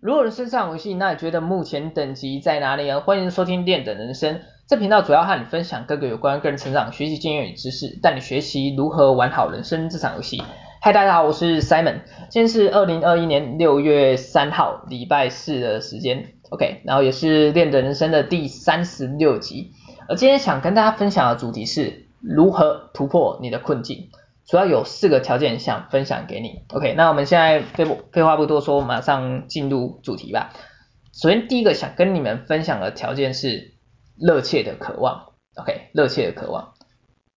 如果人生這場遊戲，那你覺得目前等級在哪裡啊？歡迎收聽《練的人生》這頻道，主要和你分享各個有關個人成長、學習經驗與知識，帶你學習如何玩好人生這場遊戲。嗨，大家好，我是 Simon，今天是二零二一年六月三號禮拜四的時間，OK，然後也是《練的人生》的第三十六集。而今天想跟大家分享的主題是如何突破你的困境。主要有四個條件想分享給你，OK，那我們現在廢話不多說，馬上進入主題吧。首先第一個想跟你們分享的條件是熱切的渴望，OK，熱切的渴望。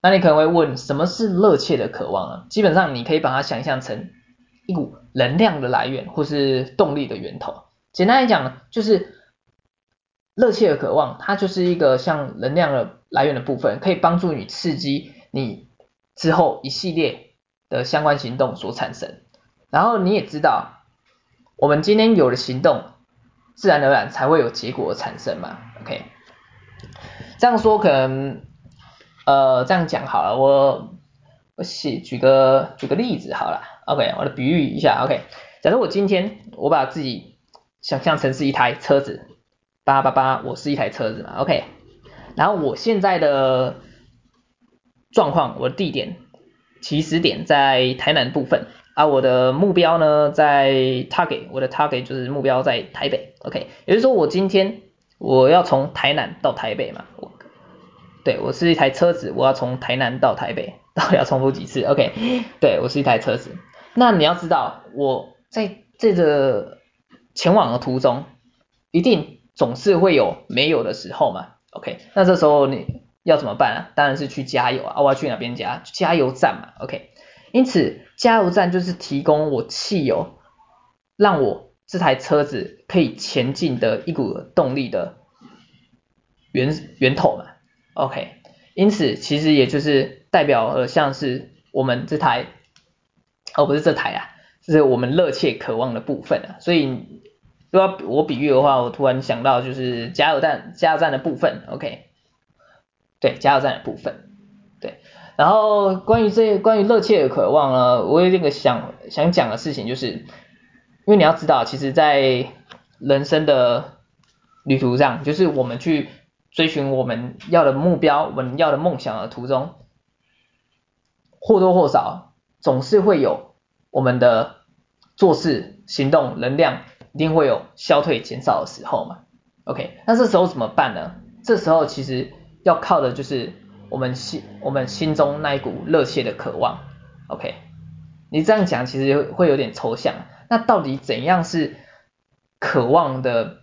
那你可能會問，什麼是熱切的渴望呢、啊？基本上你可以把它想象成一股能量的來源或是動力的源頭。簡單來講，就是熱切的渴望，它就是一個像能量的來源的部分，可以幫助你刺激你。之後一系列的相關行動所產生，然後你也知道，我們今天有了行動，自然而然才會有結果的產生嘛，OK？這樣說可能，呃，這樣講好了，我我先舉個舉個例子好了，OK？我來比喻一下，OK？假如我今天我把自己想象成是一台車子，叭叭叭，我是一台車子嘛，OK？然後我現在的。狀況，我的地點起始點在台南部分，而、啊、我的目標呢，在 target，我的 target 就是目標在台北，OK，也就是說我今天我要從台南到台北嘛，我，對，我是一台車子，我要從台南到台北，到底要重複幾次，OK，對我是一台車子，那你要知道我在這個前往的途中，一定總是會有沒有的時候嘛，OK，那這時候你。要怎麼辦呢？啊？當然是去加油啊！我要去哪邊加？加油站嘛，OK。因此，加油站就是提供我汽油，讓我這台車子可以前進的一股的動力的源源頭嘛，OK。因此，其實也就是代表了像是我們這台，哦不是這台啊，就是我們熱切渴望的部分啊。所以，如果我比喻的話，我突然想到就是加油站，加油站的部分，OK。對加油站的部分，對，然後關於這關於熱切的渴望呢，我有一個想想講的事情，就是因為你要知道，其實，在人生的旅途上，就是我們去追尋我們要的目標、我們要的夢想的途中，或多或少總是會有我們的做事、行動、能量，一定會有消退、減少的時候嘛。OK，那這時候怎麼辦呢？這時候其實。要靠的就是我們心，我們心中那一股熱切的渴望。OK，你這樣講其實會，會有點抽象。那到底怎樣是渴望的、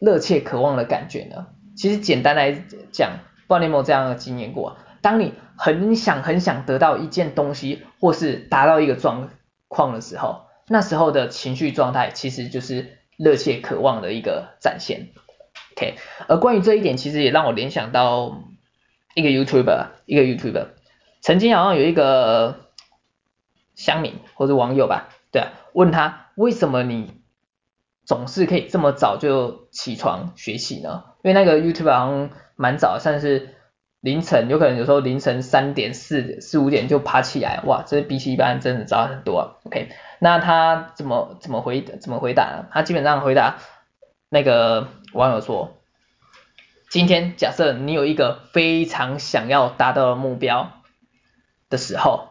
熱切渴望的感覺呢？其實簡單來講，不知道你有沒有這樣的經驗過，當你很想很想得到一件東西或是達到一個狀況的時候，那時候的情緒狀態其實就是熱切渴望的一個展現。OK，而關於這一點，其實也讓我聯想到一個 YouTuber，一個 YouTuber，曾經好像有一個鄉民或者網友吧，對啊，問他為什麼你總是可以這麼早就起床學習呢？因為那個 YouTuber 好像蠻早，算是凌晨，有可能有時候凌晨三點四四五點就爬起來，哇，這比起一般的真的早很多啊。OK，那他怎麼怎麼回怎麼回答呢？他基本上回答。那個網友說：“今天假設你有一個非常想要達到的目標的時候，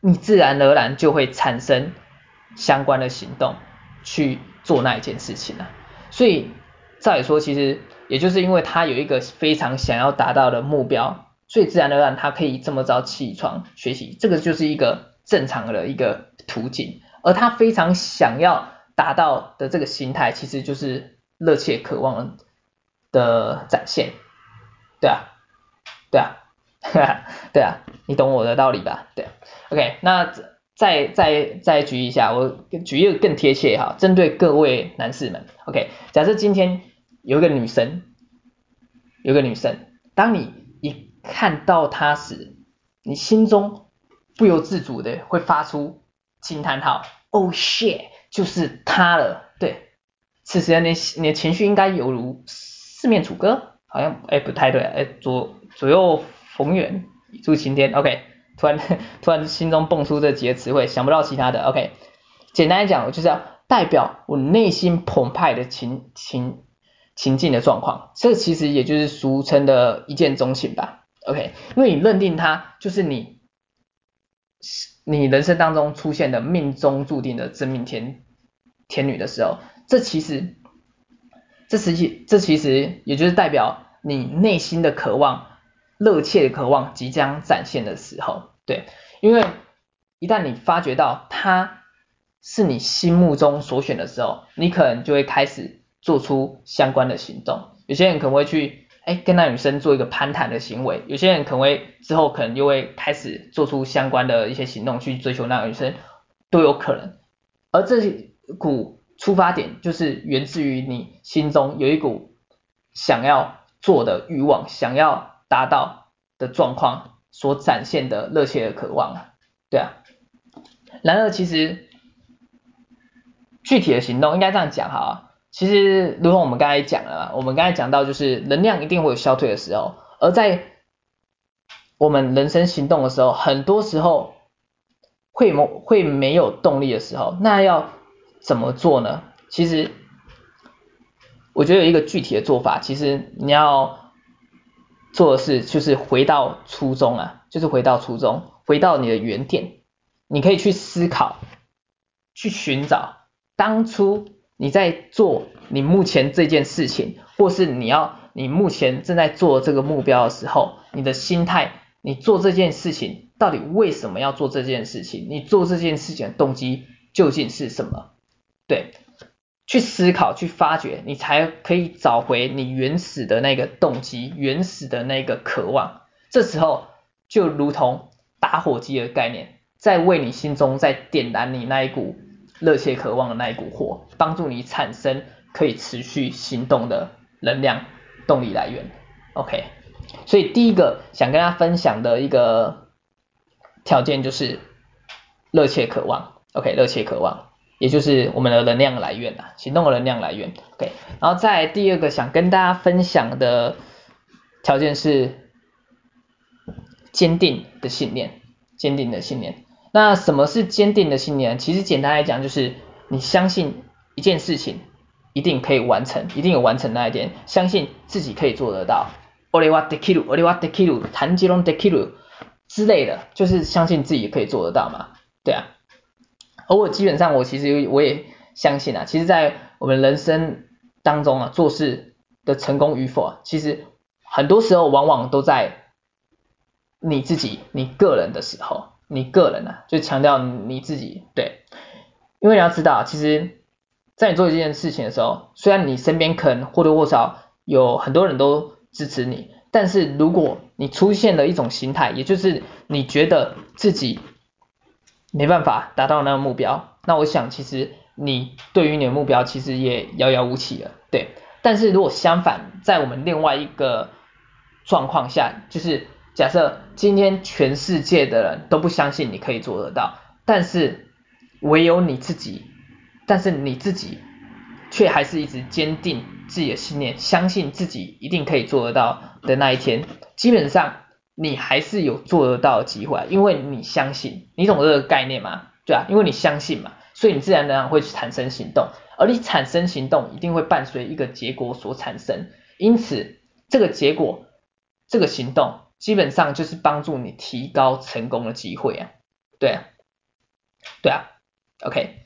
你自然而然就會產生相關的行動去做那一件事情了。所以再說，其實也就是因為他有一個非常想要達到的目標，所以自然而然他可以這麼早起床學習，這個就是一個正常的一個途徑。而他非常想要。”達到的這個心態，其實就是熱切渴望的展現，對啊，對啊，呵呵對啊，你懂我的道理吧？對啊，OK，那再再再舉一下，我舉一個更貼切哈，針對各位男士們，OK，假設今天有一個女神，有一個女神，當你一看到她時，你心中不由自主的會發出驚嘆號，Oh shit！就是他了。對，此時你你的情緒應該猶如四面楚歌，好像，哎，不太對，哎，左左右逢源，一柱擎天，OK，突然突然心中蹦出這幾個詞彙，想不到其他的，OK，簡單來講，我就是要代表我內心澎湃的情情情境的狀況，這其實也就是俗稱的一見鍾情吧，OK，因為你認定他就是你。你人生當中出現的命中注定的真命天天女的時候，這其實這實際這其實也就是代表你內心的渴望、熱切的渴望即將展現的時候。對，因為一旦你發覺到他是你心目中所選的時候，你可能就會開始做出相關的行動。有些人可能會去。哎，跟那女生做一個攀談的行為，有些人可能會之後可能就會開始做出相關的一些行動去追求那個女生，都有可能。而這股出發點就是源自於你心中有一股想要做的慾望，想要達到的狀況所展現的熱切的渴望，對啊。然而，其實具體的行動應該這樣講哈啊。其實，如果我們剛才講了，我們剛才講到，就是能量一定會有消退的時候，而在我們人生行動的時候，很多時候會沒會沒有動力的時候，那要怎麼做呢？其實，我覺得有一個具體的做法，其實你要做的是，就是回到初衷啊，就是回到初衷，回到你的原點，你可以去思考，去尋找當初。你在做你目前這件事情，或是你要你目前正在做這個目標的時候，你的心態，你做這件事情到底為什麼要做這件事情？你做這件事情的動機究竟是什麼？對，去思考，去發掘，你才可以找回你原始的那個動機，原始的那個渴望。這時候就如同打火機的概念，在為你心中在點燃你那一股。熱切渴望的那一股火，幫助你產生可以持續行動的能量動力來源。OK，所以第一個想跟大家分享的一個條件就是熱切渴望。OK，熱切渴望，也就是我們的能量來源啊，行動的能量來源。OK，然後再第二個想跟大家分享的條件是堅定的信念，堅定的信念。那什麼是堅定的信念？其實簡單來講，就是你相信一件事情一定可以完成，一定有完成那一天，相信自己可以做得到。奧利瓦德基魯，奧利瓦德基魯，譚吉隆德基魯之類的，就是相信自己可以做得到嘛？對啊。而我基本上，我其實我也相信啊。其實，在我們人生當中啊，做事的成功與否啊，其實很多時候往往都在你自己、你個人的時候。你個人呢、啊，就強調你自己，對，因為你要知道，其實，在你做一件事情的時候，雖然你身邊可能或多或少有很多人都支持你，但是如果你出現了一種心態，也就是你覺得自己沒辦法達到那個目標，那我想其實你對於你的目標其實也遙遙無期了，對。但是如果相反，在我們另外一個狀況下，就是。假設今天全世界的人都不相信你可以做得到，但是唯有你自己，但是你自己卻還是一直堅定自己的信念，相信自己一定可以做得到的那一天，基本上你還是有做得到的機會啊，因為你相信，你懂這個概念嗎？對啊，因為你相信嘛，所以你自然而然會產生行動，而你產生行動一定會伴隨一個結果所產生，因此這個結果，這個行動。基本上就是幫助你提高成功的機會啊，對啊，對啊，OK，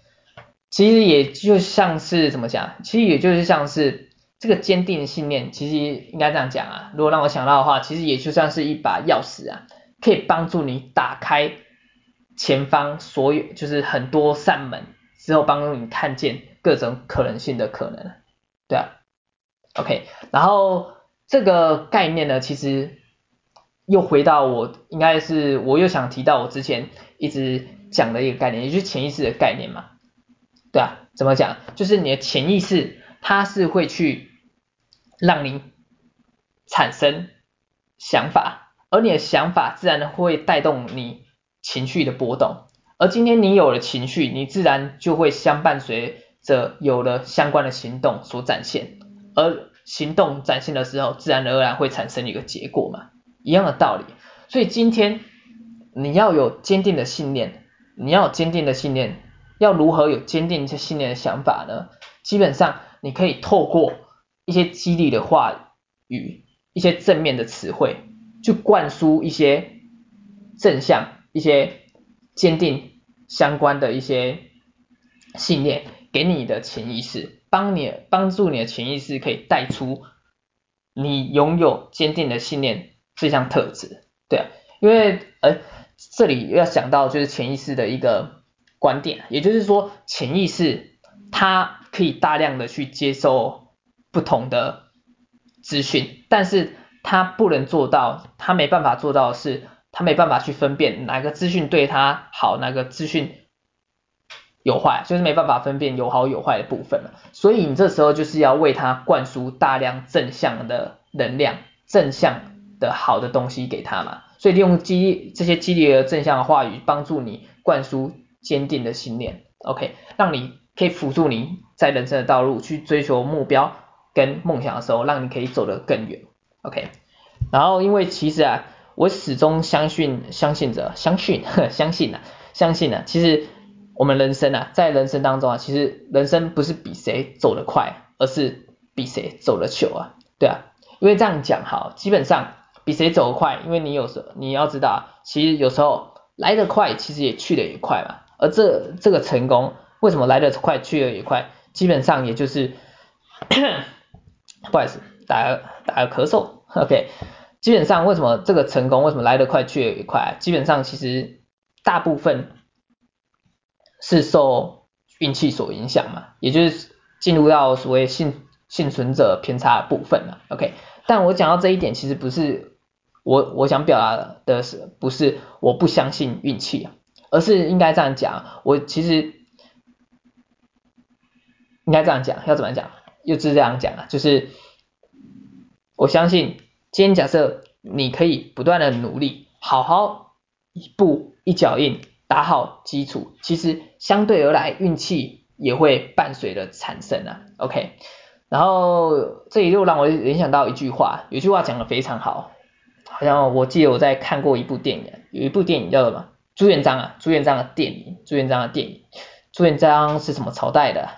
其實也就像是怎麼講？其實也就是像是這個堅定的信念，其實應該這樣講啊，如果讓我想到的話，其實也就像是一把鑰匙啊，可以幫助你打開前方所有就是很多扇門，之後幫助你看見各種可能性的可能，對啊，OK，然後這個概念呢，其實。又回到我應該是，我又想提到我之前一直講的一個概念，也就是潛意識的概念嘛。對啊，怎麼講？就是你的潛意識，它是會去讓你產生想法，而你的想法自然會帶動你情緒的波動。而今天你有了情緒，你自然就會相伴隨着有了相關的行動所展現。而行動展現的時候，自然而然會產生一個結果嘛。一樣的道理，所以今天你要有堅定的信念，你要有堅定的信念，要如何有堅定一些信念的想法呢？基本上你可以透過一些激勵的話語、一些正面的詞彙，去灌輸一些正向、一些堅定相關的一些信念，給你的潛意識，幫你幫助你的潛意識可以帶出你擁有堅定的信念。這項特質，對啊，因為哎，這裡要講到就是潛意識的一個觀點，也就是說，潛意識它可以大量的去接受不同的資訊，但是它不能做到，它沒辦法做到的是，它沒辦法去分辨哪個資訊對它好，哪個資訊有壞，就是沒辦法分辨有好有壞的部分。所以你這時候就是要為它灌輸大量正向的能量，正向。的好的東西給他嘛，所以利用激勵這些激勵的正向的話語，幫助你灌輸堅定的信念，OK，讓你可以輔助你在人生的道路去追求目標跟夢想的時候，讓你可以走得更遠，OK。然後因為其實啊，我始終相信相信者相信呵相信呢、啊、相信呢、啊，其實我們人生啊，在人生當中啊，其實人生不是比誰走得快，而是比誰走得久啊，對啊，因為這樣講哈，基本上。比誰走快，因為你有時候你要知道，其實有時候來得快，其實也去得也快嘛。而這這個成功，為什麼來得快，去得也快？基本上也就是，不好意思，打打個咳嗽。OK，基本上為什麼這個成功，為什麼來得快，去得也快啊？基本上其實大部分是受運氣所影響嘛，也就是進入到所謂幸幸存者偏差的部分嘛。OK，但我講到這一點，其實不是。我我想表達的是，不是我不相信運氣啊，而是應該這樣講。我其實應該這樣講，要怎麼講？又是這樣講啊？就是我相信，今天假設你可以不斷的努力，好好一步一腳印打好基礎，其實相對而來運氣也會伴隨着產生啊。OK，然後這裡就讓我聯想到一句話，有句話講的非常好。好像我記得我在看過一部電影，有一部電影叫做什麼？朱元璋啊，朱元璋的電影，朱元璋的電影，朱元璋是什麼朝代的？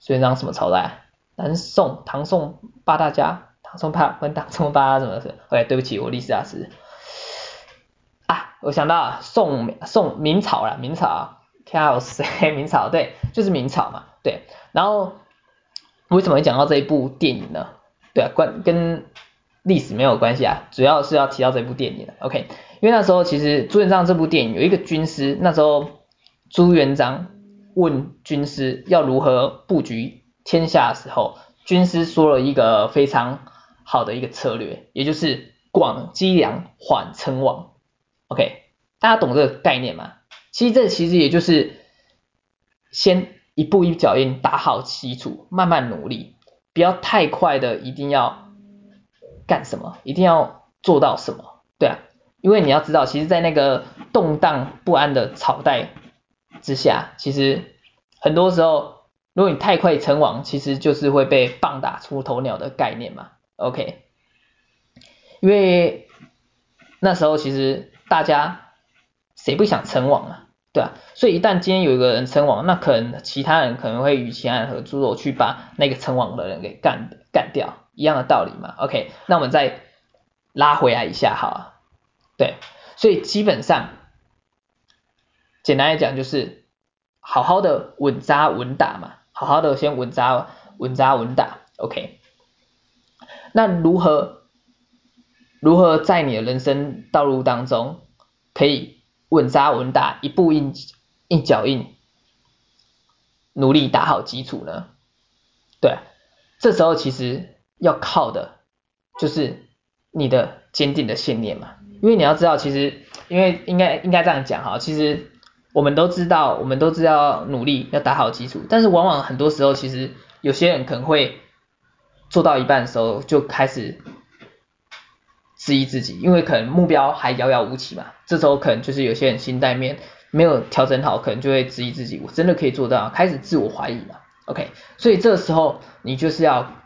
朱元璋什麼朝代？啊？南宋，唐宋八大家，唐宋八文，唐宋八什麼？哎，對不起，我歷史大師。啊，我想到宋宋明朝了，啊，明朝，啊，開玩誰明朝，啊，對，就是明朝嘛，對。然後為什麼會講到這一部電影呢？對啊，關跟。歷史沒有關係啊，主要是要提到這部電影的。OK，因為那時候其實朱元璋這部電影有一個軍師，那時候朱元璋問軍師要如何布局天下的時候，軍師說了一個非常好的一個策略，也就是廣積糧，緩稱王。OK，大家懂這個概念嗎？其實這其實也就是先一步一腳印打好基礎，慢慢努力，不要太快的，一定要。幹什麼？一定要做到什麼？對啊，因為你要知道，其實，在那個動盪不安的朝代之下，其實很多時候，如果你太快成王，其實就是會被棒打出頭鳥的概念嘛。OK，因為那時候其實大家誰不想稱王啊？對啊，所以一旦今天有一個人稱王，那可能其他人可能會與其他人合作去把那個稱王的人給幹幹掉。一樣的道理嘛，OK，那我們再拉回來一下，哈，對，所以基本上，簡單來講就是，好好的穩扎穩打嘛，好好的先穩扎穩扎穩打，OK，那如何如何在你的人生道路當中可以穩扎穩打，一步一腳印，努力打好基礎呢？對，這時候其實。要靠的就是你的堅定的信念嘛。因為你要知道，其實，因為應該應該這樣講哈，其實我們都知道，我們都知道努力要打好基礎，但是往往很多時候，其實有些人可能會做到一半的時候就開始質疑自己，因為可能目標還遙遙無期嘛。這時候可能就是有些人心態面沒有調整好，可能就會質疑自己，我真的可以做到？開始自我懷疑嘛。OK，所以這時候你就是要。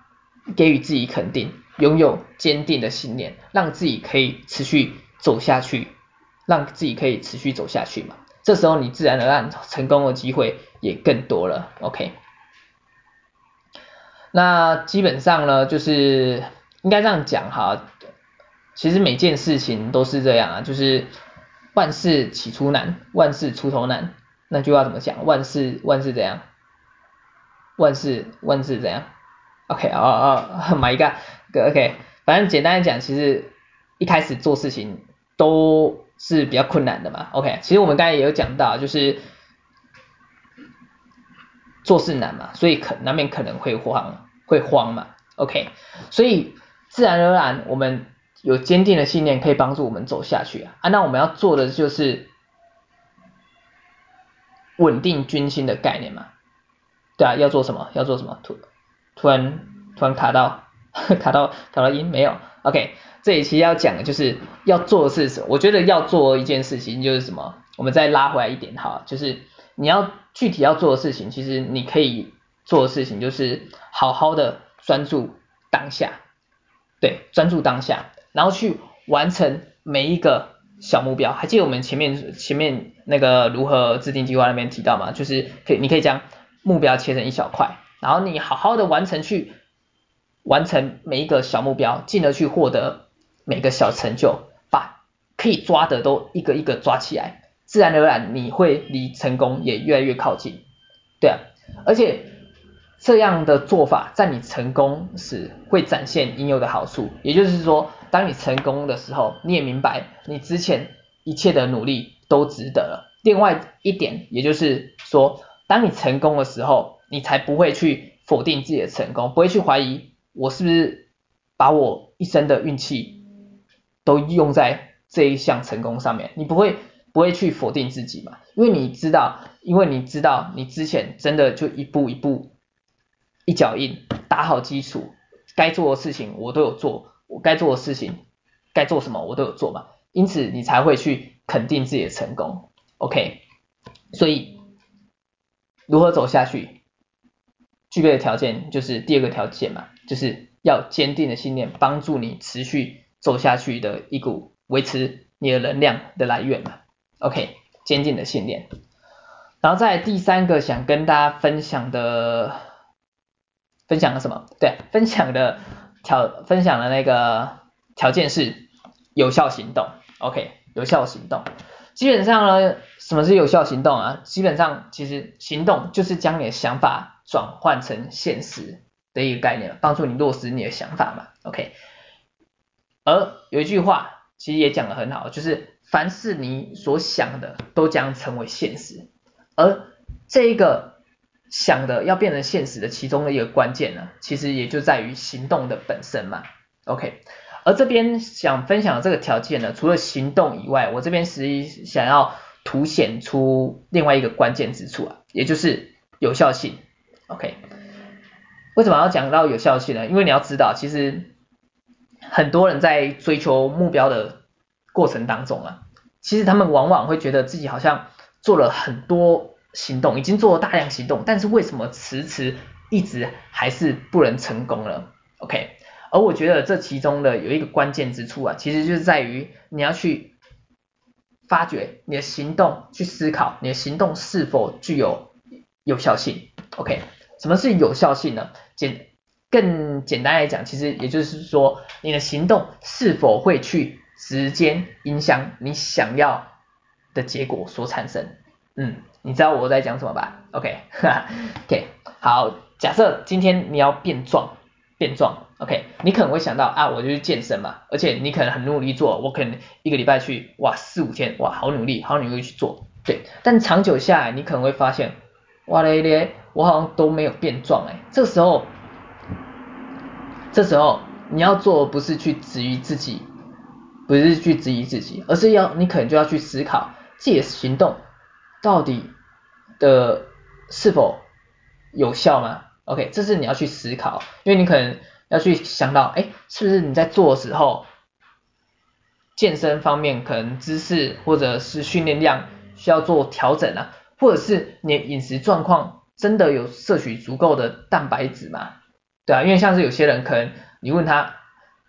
給予自己肯定，擁有堅定的信念，讓自己可以持續走下去，讓自己可以持續走下去嘛。這時候你自然而然成功的機會也更多了。OK，那基本上呢，就是應該這樣講哈。其實每件事情都是這樣啊，就是萬事起初難，萬事出頭難。那句話要怎麼講？萬事萬事怎樣？萬事萬事怎樣？O.K. 啊、oh, 啊、oh,，my God、okay. 反正簡單來講，其實一開始做事情都是比較困難的嘛。O.K. 其實我們剛才也有講到，就是做事難嘛，所以可難免可能會慌，會慌嘛。O.K. 所以自然而然，我們有堅定的信念可以幫助我們走下去啊。啊，那我們要做的就是穩定軍心的概念嘛。對啊，要做什麼？要做什麼？突然突然卡到卡到卡到音沒有，OK，這一期要講的就是要做的是什麼？我覺得要做一件事情就是什麼？我們再拉回來一點哈，就是你要具體要做的事情，其實你可以做的事情就是好好的專注當下，對，專注當下，然後去完成每一個小目標。還記得我們前面前面那個如何制定計劃那邊提到嗎？就是可以，你可以將目標切成一小塊。然後你好好的完成去完成每一個小目標，進而去獲得每個小成就，把可以抓的都一個一個抓起來，自然而然你會離成功也越來越靠近。對啊，而且這樣的做法在你成功時會展現應有的好處，也就是說，當你成功的時候，你也明白你之前一切的努力都值得了。另外一點也就是說，當你成功的時候。你才不會去否定自己的成功，不會去懷疑我是不是把我一生的運氣都用在這一項成功上面。你不會不會去否定自己嘛？因為你知道，因為你知道你之前真的就一步一步一腳印打好基礎，該做的事情我都有做，我該做的事情該做什麼我都有做嘛。因此你才會去肯定自己的成功。OK，所以如何走下去？具備的條件就是第二個條件嘛，就是要堅定的信念，幫助你持續走下去的一股維持你的能量的來源嘛。OK，堅定的信念。然後在第三個想跟大家分享的，分享了什麼？對啊，分享的條，分享的那個條件是有效行動。OK，有效行動。基本上呢，什麼是有效行動啊？基本上其實行動就是將你的想法。轉換成現實的一個概念，幫助你落實你的想法嘛，OK？而有一句話其實也講得很好，就是凡是你所想的都將成為現實，而這一個想的要變成現實的其中的一個關鍵呢，其實也就在於行動的本身嘛，OK？而這邊想分享的這個條件呢，除了行動以外，我這邊實際想要凸顯出另外一個關鍵之處啊，也就是有效性。OK，為什麼要講到有效性呢？因為你要知道，其實很多人在追求目標的過程當中啊，其實他們往往會覺得自己好像做了很多行動，已經做了大量行動，但是為什麼遲遲一直還是不能成功呢？OK，而我覺得這其中的有一個關鍵之處啊，其實就是在於你要去發掘你的行動，去思考你的行動是否具有有效性。OK。什麼是有效性呢？簡，更簡單來講，其實也就是說，你的行動是否會去直接影響你想要的結果所產生。嗯，你知道我在講什麼吧？OK，哈 哈 OK，好，假設今天你要變壯，變壯，OK，你可能會想到啊，我就去健身嘛，而且你可能很努力做，我可能一個禮拜去，哇，四五天，哇，好努力，好努力去做，對，但長久下來，你可能會發現。哇咧咧，我好像都沒有變壯哎、欸。這時候，這時候你要做的不是去質疑自己，不是去質疑自己，而是要你可能就要去思考自己行動到底的是否有效嗎？OK，這是你要去思考，因為你可能要去想到，哎，是不是你在做的時候，健身方面可能姿勢或者是訓練量需要做調整啊？或者是你飲食狀況真的有攝取足夠的蛋白質嗎？對啊，因為像是有些人可能你問他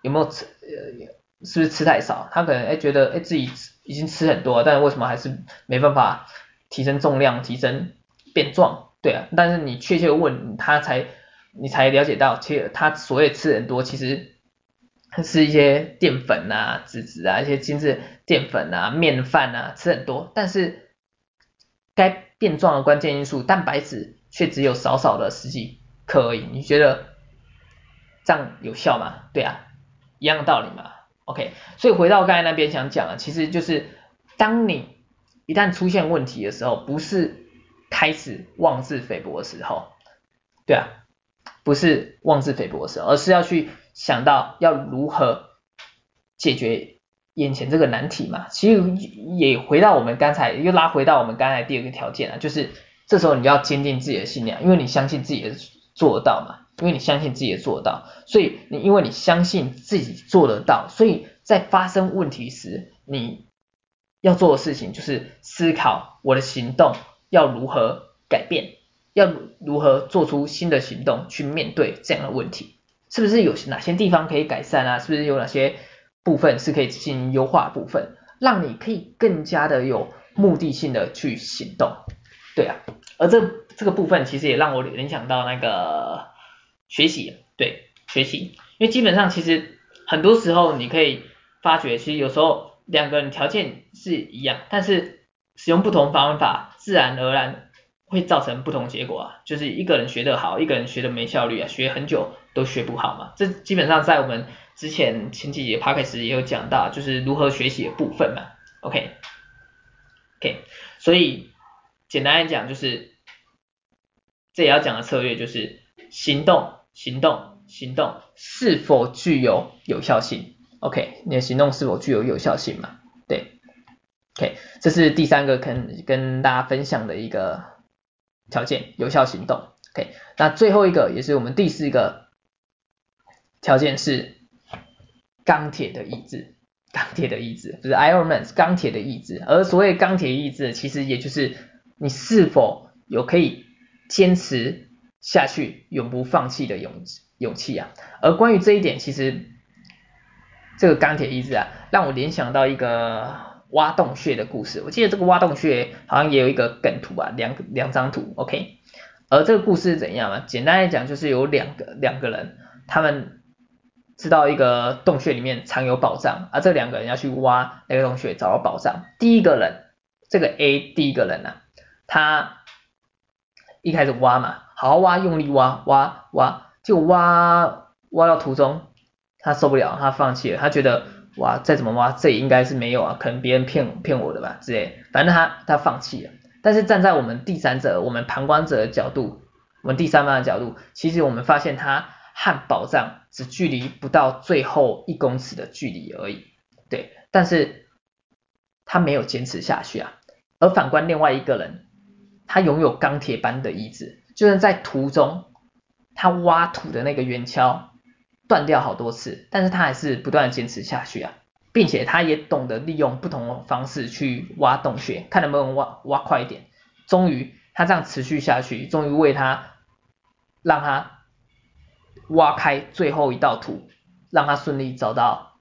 有沒有吃呃，是不是吃太少，他可能哎，覺得哎，自己已經吃很多，但為什麼還是沒辦法提升重量、提升變壯？對啊，但是你確切問他才你才了解到，其實他所謂吃很多，其實是一些澱粉啊、脂質啊、一些精致澱粉啊、麵飯啊吃很多，但是。該變壯的關鍵因素，蛋白質卻只有少少的十幾克而已。你覺得這樣有效嗎？對啊，一樣的道理嘛。OK，所以回到剛才那邊想講啊，其實就是當你一旦出現問題的時候，不是開始妄自菲薄的時候，對啊，不是妄自菲薄的時候，而是要去想到要如何解決。眼前這個難題嘛，其實也回到我們剛才，又拉回到我們剛才第二個條件啊，就是這時候你要堅定自己的信念，因為你相信自己做得到嘛，因為你相信自己也做得到，所以你因為你相信自己做得到，所以在發生問題時，你要做的事情就是思考我的行動要如何改變，要如何做出新的行動去面對這樣的問題，是不是有哪些地方可以改善啊？是不是有哪些？部分是可以進行優化部分，讓你可以更加的有目的性的去行動，對啊，而這這個部分其實也讓我聯想到那個學習，對，學習，因為基本上其實很多時候你可以發覺，其實有時候兩個人條件是一樣，但是使用不同方法，自然而然會造成不同結果啊，就是一個人學得好，一個人學得沒效率啊，學很久都學不好嘛，這基本上在我們。之前前幾節 Parker 也有講到，就是如何學習的部分嘛，OK，OK，okay, okay, 所以簡單來講，就是這也要講的策略就是行動，行動，行動是否具有有效性，OK，你的行動是否具有有效性嘛？對，OK，這是第三個肯跟，跟大家分享的一個條件，有效行動，OK，那最後一個也是我們第四個條件是，鋼鐵的意志，鋼鐵的意志，就是 Iron Man，鋼鐵的意志。而所謂鋼鐵意志，其實也就是你是否有可以堅持下去、永不放棄的勇勇氣啊。而關於這一點，其實這個鋼鐵意志啊，讓我聯想到一個挖洞穴的故事。我記得這個挖洞穴好像也有一個梗圖啊，兩兩張圖，OK。而這個故事是怎樣啊？簡單來講，就是有兩個兩個人，他們。知道一個洞穴裡面藏有寶藏啊，這兩個人要去挖那個洞穴找到寶藏。第一個人，這個 A，第一個人呢、啊，他一開始挖嘛，好好挖，用力挖，挖挖，就挖挖到途中，他受不了，他放棄了，他覺得哇，再怎麼挖，這也應該是沒有啊，可能別人騙騙我的吧之類，反正他他放棄了。但是站在我們第三者，我們旁觀者的角度，我們第三方的角度，其實我們發現他和寶藏。只距離不到最後一公尺的距離而已，對，但是他沒有堅持下去啊。而反觀另外一個人，他擁有鋼鐵般的意志，就是在途中，他挖土的那個圓鍬斷掉好多次，但是他還是不斷的堅持下去啊，並且他也懂得利用不同的方式去挖洞穴，看能不能挖挖快一點。終於，他這樣持續下去，終於為他讓他。挖開最後一道土，讓他順利找到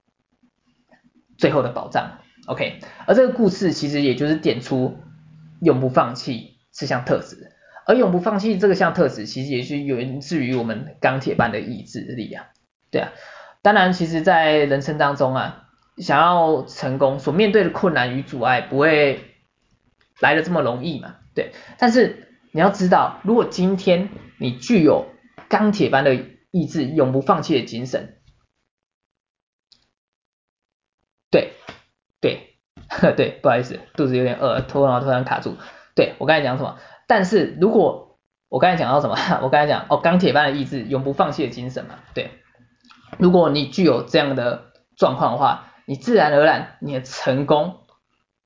最後的寶藏。OK，而這個故事其實也就是點出永不放棄這項特質。而永不放棄這個項特質，其實也是源自於我們鋼鐵般的意志力啊。對啊，當然，其實在人生當中啊，想要成功，所面對的困難與阻礙不會來得這麼容易嘛。對，但是你要知道，如果今天你具有鋼鐵般的意志永不放棄的精神，對，對，對，不好意思，肚子有點餓，突然突然卡住。對，我剛才講什麼？但是如果我剛才講到什麼？我剛才講哦，鋼鐵般的意志，永不放棄的精神嘛。對，如果你具有這樣的狀況的話，你自然而然你的成功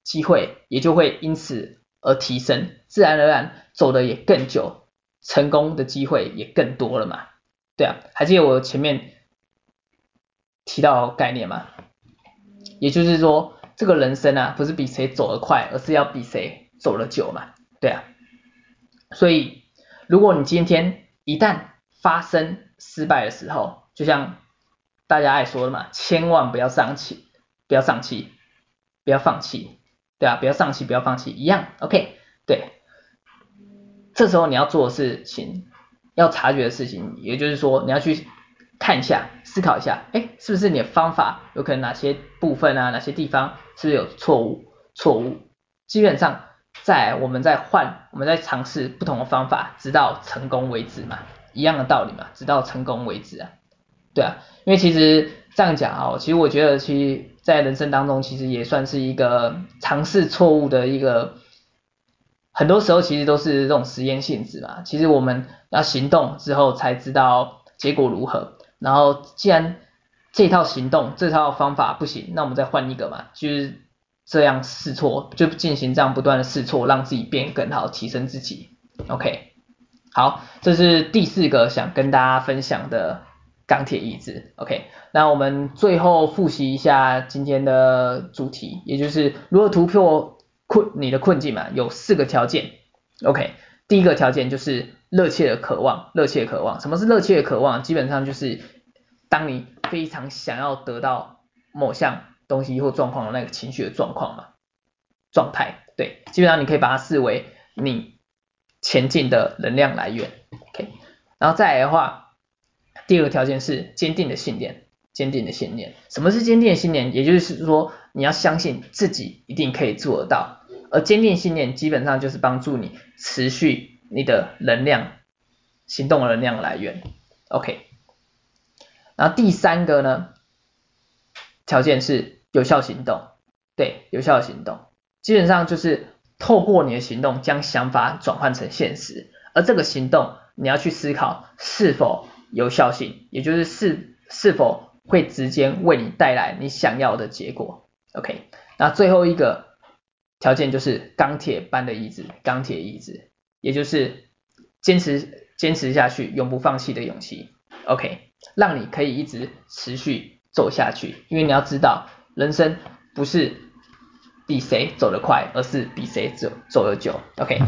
機會也就會因此而提升，自然而然走得也更久，成功的機會也更多了嘛。對啊，還記得我前面提到概念嗎？也就是說，這個人生啊，不是比誰走得快，而是要比誰走得久嘛，對啊。所以，如果你今天一旦發生失敗的時候，就像大家愛說的嘛，千萬不要喪氣，不要喪氣，不要放棄，對啊，不要喪氣，不要放棄，一樣，OK？對，這時候你要做的事情。要察覺的事情，也就是說，你要去看一下，思考一下，誒是不是你的方法有可能哪些部分啊，哪些地方是不是有錯誤？錯誤，基本上在我們在換，我們在嘗試不同的方法，直到成功為止嘛，一樣的道理嘛，直到成功為止啊，對啊，因為其實這樣講啊、哦，其實我覺得其實在人生當中，其實也算是一個嘗試錯誤的一個。很多時候其實都是這種實驗性質嘛，其實我們要行動之後才知道結果如何。然後既然這套行動這套方法不行，那我們再換一個嘛，就是這樣試錯，就進行這樣不斷的試錯，讓自己變更好，提升自己。OK，好，這是第四個想跟大家分享的鋼鐵意志。OK，那我們最後複習一下今天的主題，也就是如何突破。困你的困境嘛，有四個條件，OK，第一個條件就是熱切的渴望，熱切渴望，什麼是熱切的渴望？基本上就是當你非常想要得到某項東西或狀況的那個情緒的狀況嘛，狀態，對，基本上你可以把它視為你前進的能量來源，OK，然後再來的話，第二個條件是堅定的信念，堅定的信念，什麼是堅定的信念？也就是說你要相信自己一定可以做得到。而堅定信念基本上就是幫助你持續你的能量、行動能量的來源。OK，然後第三個呢，條件是有效行動，對，有效行動，基本上就是透過你的行動將想法轉換成現實，而這個行動你要去思考是否有效性，也就是是是否會直接為你帶來你想要的結果。OK，那最後一個。條件就是鋼鐵般的意志，鋼鐵意志，也就是堅持堅持下去，永不放棄的勇氣。OK，讓你可以一直持續走下去，因為你要知道，人生不是比誰走得快，而是比誰走走得久。OK，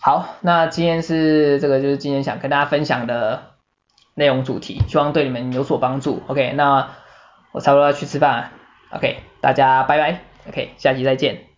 好，那今天是這個，就是今天想跟大家分享的內容主題，希望對你們有所幫助。OK，那我差不多要去吃飯了。OK，大家拜拜。OK，下期再見。